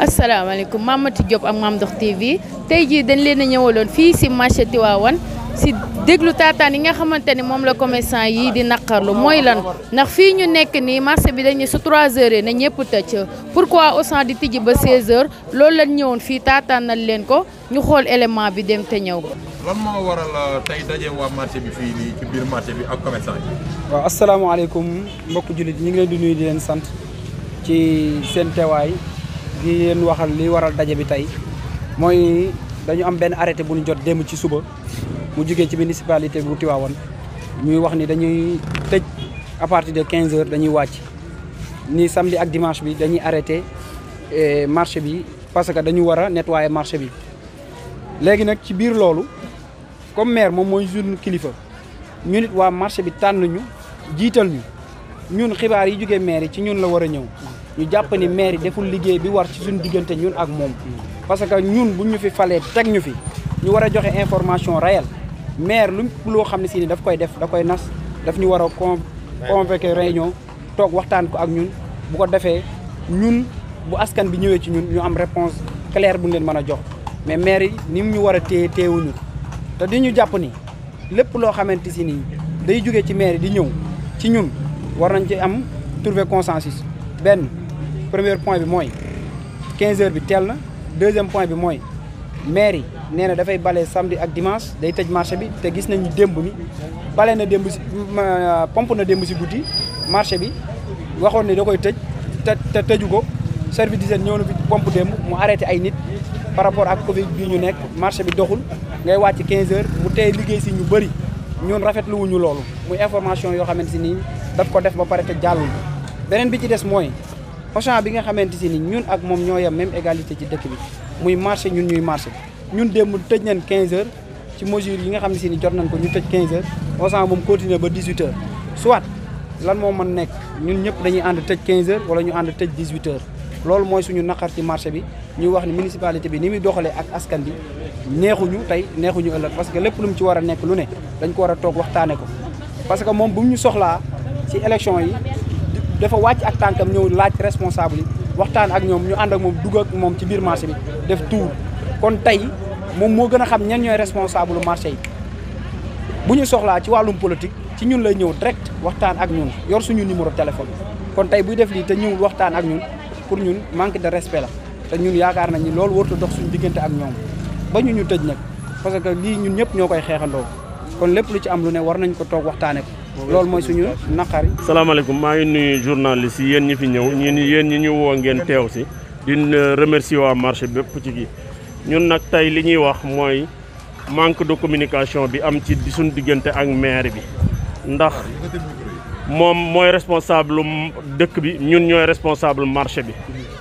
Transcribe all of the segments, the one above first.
asalaamaaleykum Mamati Diop ak maam Ndokh TV tey jii dañ leen a ñëwaloon fii si marché Tivaouane si déglu taataan yi nga xamante ni moom la commerçant yii di naqarlu mooy lan ndax fii ñu nekk nii marché bi dañu su 3 heures yi na ñëpp tëj pourquoi Auchan di tijji ba 16 heures loolu lañ ñëwoon fii taataanal leen ko ñu xool élément bi dem te ñëw. lan moo waral euh, tey daje waa marché bi fii nii ci biir marché bi ak commerçant yi. waaw asalaamaaleykum mbokk ñu ngi di nuyu di leen sant ci seen teewaay. di leen waxal li waral daje bi tey mooy dañu am benn arrêté bu ñu jot démb ci suba mu jugee ci municipalité bu Tivaouane ñuy wax ni dañuy tëj à partir de quinze heures dañuy wàcc ni samedi ak dimanche bi dañuy arrêté eh, marché bi parce que dañu war a nettoyer marché bi. léegi nag ci biir loolu comme maire moom mooy suñu kilifa ñu nit waa marché bi tànn ñu jiital ñu ñun xibaar yi jugee maire yi ci ñun la war a ñëw. ñu jàpp ni maire deful liggéey bi war ci suñu diggante ñun ak moom parce que ñun bu ñu fi falee teg ñu fi ñu war a joxe information réelle maire lu loo xam ne si ni daf koy def da koy nas daf ñu war a con convoqué réunion toog waxtaan ko ak ñun bu ko defee ñun bu askan bi ñëwee ci ñun ñu am réponse claire bu ñu leen mën a jox mais maire yi ni mu ñu war a téye téewuñu te di ñu jàpp ni lépp loo xamante si nii day jóge ci maire di ñëw ci ñun war nañ ci am trouver benn premier point bi mooy quinze heures bi teel na deuxième point bi mooy mairie nee na dafay bale samedi ak dimance day tëj marché bi te gis nañu démb mi bale na démb si na démb si guddi marché bi waxoon ne da koy tëj te te tëju ko service d'hygiène ñëw na fi pompe démb mu arrêté ay nit par rapport ak Covid bi ñu nekk marché bi doxul ngay wàcc 15 heures bu tey liggéey si ñu bëri ñun rafetlu wuñu loolu muy information yoo xamante si nii daf ko def ba pare te beneen bi ci des mooy Auchan bi nga xamante si ni ñun ak moom ñoo yem même égalité ci dëkk bi muy marché ñun ñuy marché ñun démb tëj nañ 15 heures ci mesure yi nga xam ne si ni jot nañ ko ñu tëj 15 heures Auchan moom continuer ba 18 heures soit lan moom mën nekk ñun ñëpp dañuy ànd tëj quinze heures wala ñu ànd tëj 18 heures loolu mooy suñu naqar ci marché bi ñu wax ni municipalité bi ni muy doxalee ak askan bi neexuñu tey neexuñu ëllëg parce que lépp lu mu ci war a nekk lu ne dañ ko war a toog waxtaane ko parce que moom bu mu yi dafa wàcc ak tànkam ñëw laaj responsable yi waxtaan ak ñoom ñu ànd ak moom dugg ak moom ci biir marché bi def tour kon tey moom moo gën a xam ñan ñooy responsable marché yi bu ñu soxlaa ci wàllum politique ci ñun lay ñëw direct waxtaan ak ñun yor suñu numéro téléphone kon tey buy def lii te ñëwul waxtaan ak ñun pour ñun manque de respe la te ñun yaakaar nañ ni loolu warut dox suñu diggante ak ñoom ba ñu ñu tëj nag parce que lii ñun ñëpp ñoo koy xeexandoo kon lépp lu ci am lu ne war nañ ko toog waxtaanee ko loolu mooy suñu naqar yi. salaamaaleykum maa ngi nuyu journaliste yi yéen ñi fi ñëw ñun yéen ñi ñu woo ngeen teew si. di uh, remercier waa marché bépp ci gi ñun nag tey li ñuy wax mooy manque de communication bi am ci suñu diggante ak maire bi ndax moom mooy responsable dëkk bi ñun ñooy responsable marché bi.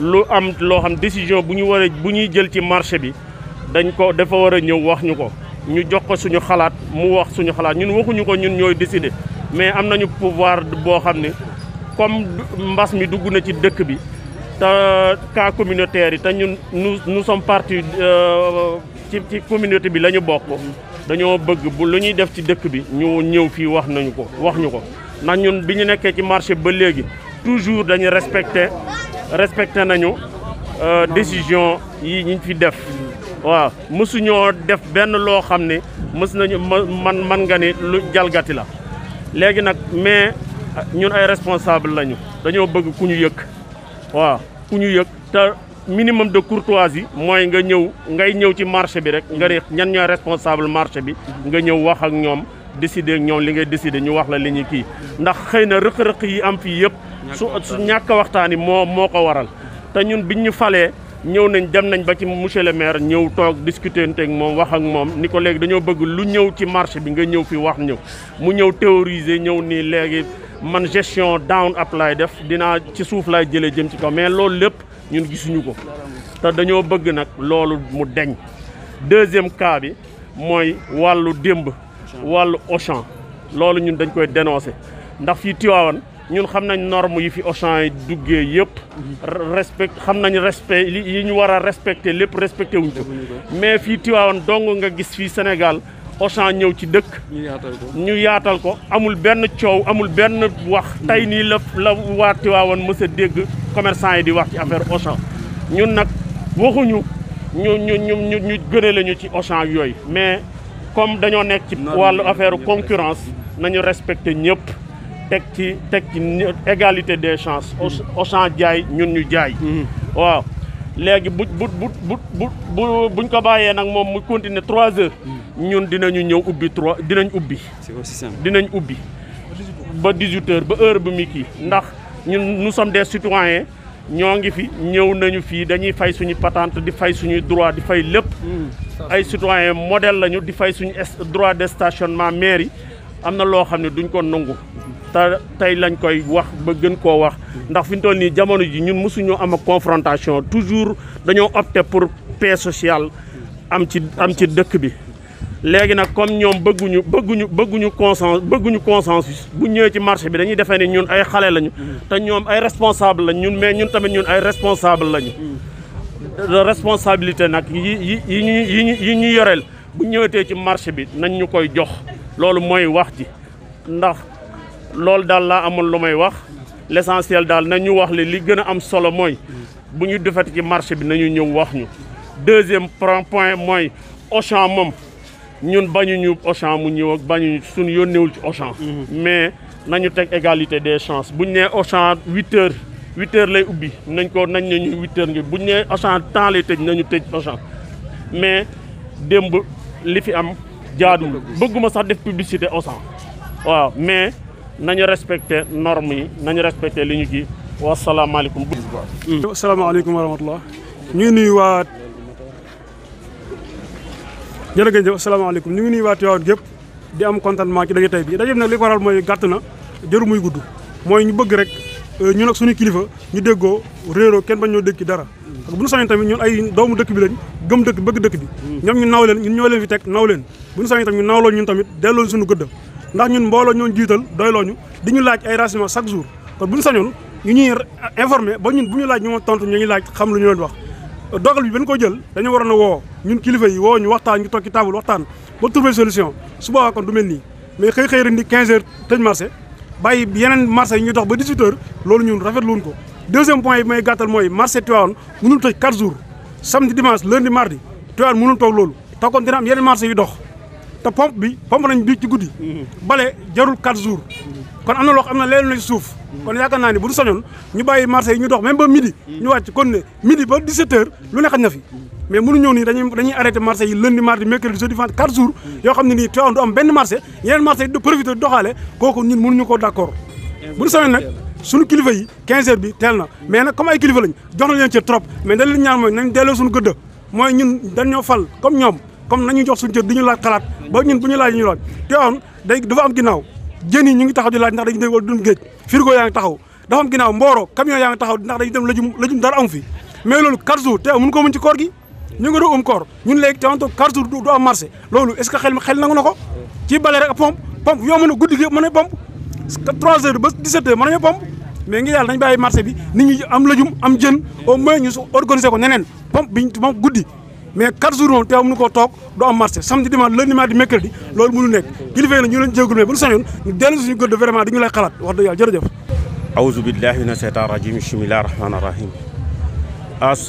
lu am loo xam décision bu ñu war a bu ñuy jël ci marché bi dañ ko dafa war a ñëw wax ñu ko ñu jox ko suñu xalaat mu wax suñu xalaat ñun waxuñu ko ñun ñooy décider. mais am nañu pouvoir boo xam ne comme mbas mi dugg na ci dëkk bi te cas communautaire yi te ñun nous nous sommes euh, ci ci bi lañu bokk dañoo bëgg bu lu ñuy def ci dëkk bi ñu ñëw fii wax nañu ko wax ñu ko ndax ñun bi ñu nekkee ci marché ba léegi toujours dañu respecté respecté nañu euh, décision yi ñu fi def waaw mësuñoo def benn loo xam ne mës nañu man man nga ni lu jalgati la léegi nag mais ñun ay responsable lañu dañoo bëgg ku ñu yëg waaw ku ñu yëg te minimum de courtoisie mooy nga ñëw ngay ñëw ci marché bi rek nga ne ñan ñooy responsable marché bi nga ñëw wax ak ñoom décider ak ñoom li ngay décider ñu wax la li ñu kii ndax xëy na rëq-rëq yi am fii yëpp su su ñàkk a waxtaan yi moo moo ko waral te ñun biñ ñu falee ñëw nañ dem nañ ba ci monsieur le maire ñëw toog discuter ak moom wax ak moom ni ko léegi dañoo bëgg lu ñëw ci marché bi nga ñëw fi wax ñëw mu ñëw théoriser ñëw nii léegi man gestion down up laay def dinaa ci suuf laay jëlee jëm ci kaw mais loolu lépp ñun gisuñu ko te dañoo bëgg nag loolu mu deñ deuxième cas bi mooy wàllu démb wàllu Auchan loolu ñun dañ koy dénoncer ndax fii Tivaouane ñun xam nañ norme yi fi Auchan yi duggee yëpp respect xam nañ respect yi ñu war a respecté lépp respecté wuñ ko mais fii Tiwaawan dong nga gis fii Sénégal Auchan ñëw ci dëkk ñu yaatal ko amul benn coow amul benn wax tey nii la la waa Tiwaawan mës dégg commerçant yi di wax ci affaire Auchan ñun nag waxuñu ñu ñu ñu ñu gëne lañu ci Auchan yooyu mais comme dañoo nekk ci wàllu affaire concurrence nañu respecté ñëpp teg ci teg ci égalité des chances. Mm. Auchan jaay ñun ñu jaay. Mm. waaw léegi bu bu bu bu bu buñ ko bàyyee nag moom mu continuer trois heures. Mm. ñun dinañu ñëw ubbi trois dinañ ubbi. c'est aussi simple dinañ ubbi. ba 18 heures ba heure bu mi kii ndax ñun nous sommes des citoyens ñoo ngi fi ñëw nañu fii dañuy fay suñu patente di fay suñuy droit di fay lépp. ay citoyens modèle lañu di fay suñu droit de stationnement mairie am na loo xam ne duñ ko nangu. te tey lañ koy wax ba gën koo wax ndax fi ñu toll nii jamono ji ñun mësuñoo am ak confrontation toujours dañoo opté pour paix sociale am ci am ci dëkk bi. léegi nag comme ñoom bëgguñu bëgguñu bëgguñu consens bëgguñu consensus bu ñëwee ci marché bi dañuy defee ni ñun ay xale lañu. te ñoom ay responsable lañ ñun mais ñun tamit ñun ay responsable lañu. responsabilité nag yi yi yi ñu yi ñu yoreel bu ñëwetee ci marché bi nañ ñu koy jox loolu mooy wax ji ndax. loolu daal laa amoon lu may wax l'essentiel daal na ñu wax li li gën a am solo mooy bu ñu defati ci marché bi nañu ñëw wax ñu deuxième point mooy Auchan moom ñun bañuñu Auchan mu ñëw ak bañuñu suñu yónneewul ci Auchan mhm. mais nañu teg égalité des chances buñ nee Auchan huit heures huit heures lay ubbi nañ ko nañ ne ñu huit heures ngi buñ nee Auchan temps lay tëj nañu tëj Auchan mais démb li fi am jaaduwul bëgguma sax def publicité Auchan waaw mais nañu respecté normes yi nañu respecté li ñu gi wasalaamaaleykum. asalaamaaleykum wa rahmatulah. ñu ngi nuyu waa jërëjëf asalaamaaleykum ñu ngi nuyu waa Tivaouane gépp di am contentement ci daje tey bi daje bi nag li ko mooy gàtt na jëru muy gudd mooy ñu bëgg rek euh, ñu ak suñu kilifa ñu déggoo réeroo kenn bañ ñoo ci dara ak bu ñu sañoon tamit ñun ay doomu dëkk bi lañ gëm dëkk bëgg dëkk bi ñoom ñu naaw leen ñun ñoo leen fi teg naaw leen bu ñu sañoon tamit ñu naawloo ñun tamit delloo suñu gëdd ndax ñun mbooloo ñoon jiital doyloo ñu di ñu laaj ay renseignement chaque jour kon bu ñu sañoon ñu ñuy informé ba ñun bu ñu laaj ñu ma tontu ñu ñuy laaj xam lu ñu leen wax dogal bi ben ko jël dañu waroon a woo ñun kilifa yi woo ñu waxtaan ñu toog ci table waxtaan ba trouver solution su boobaa kon du nii mais xëy xëy ren di 15 heures tëj marché bàyyi yeneen marché ñu ñuy dox ba 18 heures loolu ñun rafetlu wuñ ko deuxième point yi may gàttal mooy marché Tivaouane mënul tëj 4 jours samedi dimanche lundi mardi Tivaouane mënul toog loolu te kon dina am yeneen marché dox te pompe bi pompe nañ bi ci guddi. Mhm. bale jarul 4 jours. Mhm. kon am na loo xam ne suuf. Mhm. kon yaakaar naa ni bu du ñu bàyyi marché ñu dox même ba midi. ñu wàcc kon ne midi ba 17 lu ne xaj na fi. mais mënu ñëw nii dañuy dañuy arrêté marché yi lundi mardi mercredi jeudi vendredi 4 jours. yoo xam ne nii Tivaouane du benn marché yeneen marché yi du profité doxaale kooku ñun mënuñu koo d' accord. bu du sañoon nag suñu kilifa yi 15 bi teel na mais nag comme ay kilifa lañ jox na leen ci trop mais dañ leen fal comme ñoom comme nañu jox suñu cër di ñu laaj xalaat ba ñun ñu laaj ñu laaj teewoon day dafa am ginnaaw jën ñu ngi taxaw di laaj ndax dañu dem wala géej frigo yaa ngi taxaw dafa am ginnaaw mbooro camion yaa ngi taxaw ndax dañu dem dara am fi mais loolu quatre jours teew mun ko mun ci koor gi ñu ngi doon um koor ñun léegi teewoon toog quatre jours du am marché loolu est que xel nangu na ko ci bale rek pompe yoo mën a guddi gi mën a pompe trois heures ba dix-sept heures mën nañu ñu organiser mais 4 jours moom te am nu koo toog du am marché samedi dimanche lundi mardi mercredi loolu mënu nekk kilifa yi nag ñu leen jégalu mais bu ñu sañoon ñu dellu suñu gëdd vraiment dañu lay xalaat wax dëgg yàlla jërëjëf awzu billahi mina seytaan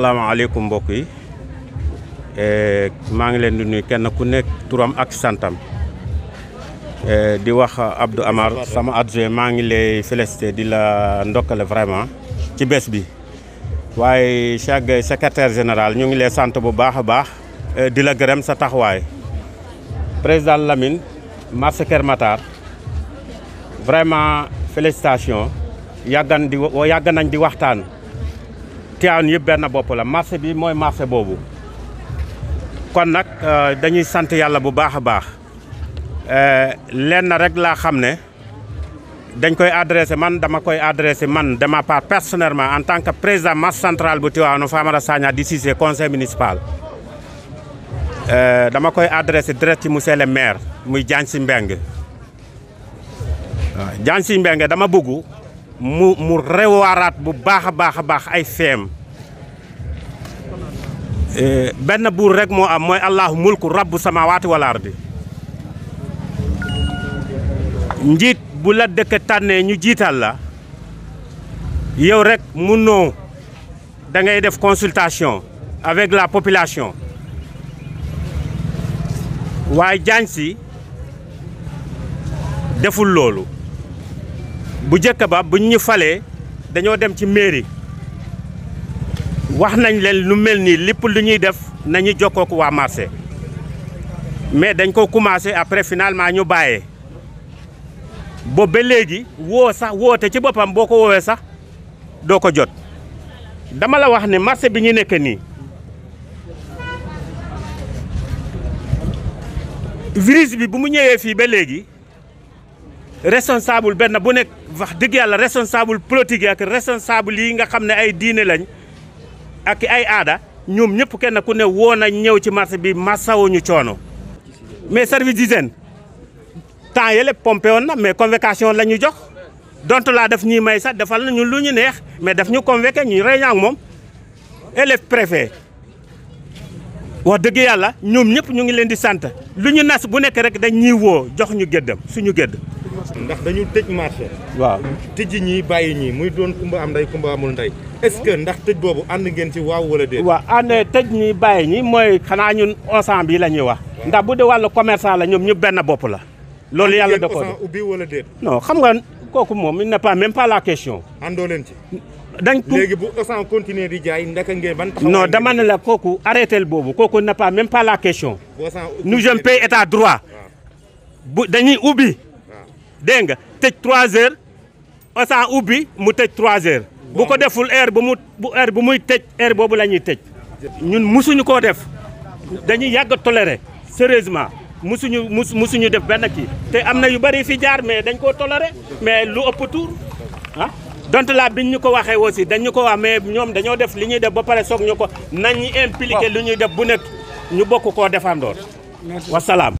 rajim mbokk yi e, maa ngi leen di nuyu kenn ku nekk turam ak santam e, di wax Abdou Amar sama adjoint maa ngi lay félicité di la ndokkale vraiment ci bés bi waaye Cheikh secrétaire général ñu ngi lay sant bu baax a baax eh, di la gërëm sa taxawaay président Lamine marché Kër Matar vraiment félicitation yàggan di yàgg nañ di waxtaan Tivaouane yëpp benn bopp la marché bi mooy marché boobu kon nag eh, dañuy sant yàlla bu baax a baax eh, lenn rek laa xam ne dañ koy adressé man dama koy adressé man de ma part personnellement en tant que président masse centrale bu Tivaouane Famara Sagna di Cissé conseil municipal euh, dama koy adressé direct ci monsieur le maire muy Diagne Sy Mbengue waaw Diagne dama bëgg mu mu rewaaraat bu baax a baax a baax ay feem euh, benn buur rek moo am mooy allahu mulku rabbu samawaati wal ardi njiit bu la dëkk tànnee ñu jiital la yow rek mënoo da ngay def consultation avec la population waaye Diagne Sy deful loolu bu njëkk ba buñ ñu falee dañoo dem ci mairie wax nañ leen lu mel nii lépp lu ñuy def nañu jokkoo ak waa marché mais dañ ko commencé après finalement ñu bàyyee boobu ba léegi woo sax woote ci boppam boo ko woowee sax doo ko jot dama la wax ne marché bi ñu nekk nii virus bi bu mu ñëwee fii ba léegi responsable benn bu nekk wax dëgg yàlla responsable politique ak responsable yi nga xam ne ay diine lañ ak ay aada ñoom ñëpp kenn ku ne woo na ñëw ci marché bi masawuñu coono mais service d'hygiène temps yële pompé woon na mais convocation la ñu jox dont laa def ñuy may sax defal nañu lu ñu neex mais daf ñu convoqué ñu réunion ak moom élève préfet wax dëgg yàlla ñoom ñëpp ñu ngi leen di sant lu ñu nas bu nekk rek dañ ñuy woo jox ñu géddam suñu gédd ndax dañu tëj marché waaw tëj ñii bàyyi ñii muy doon kumba am ndey kumba amul ndey est-ce que ndax tëj boobu ànd ngeen ci waaw wala de waa ànd tëj ñii bàyyi ñii mooy xanaa ñun ensemble bi la ñuy wax ndax bu dee wàllu commerçant la ñoom ñëpp benn bopp la loolu yàlla da ko ubbi wala déet xam nga kooku moom il n'est pas même pas la question. àndoo leen ci. dañ tout continuer di jaay ndaka ngeen ban. non dama ne la kooku arrêtel boobu kooku n'est pas même pas la question. nous sommes pays état droit. bu dañuy ubbi. dégg nga tëj 3 heures. Auchan ubbi mu tëj trois heure bu ko deful heure bu mu bu heure bu muy tëj heure boobu la ñuy tëj. ñun musuñu koo def. dañuy yàgg a toléré musuñu mus musuñu def benn kii te am na yu bëri fi jaar mais dañ koo toléré mais lu ëpp tuur ah donc bi biñ ñu ko waxee aussi dañ ñu ko wax mais ñoom dañoo def li ñuy def ba pare soog ñu ko nañ ñu impliqué lu ñuy def bu nekk ñu bokk koo defandoor wasalaam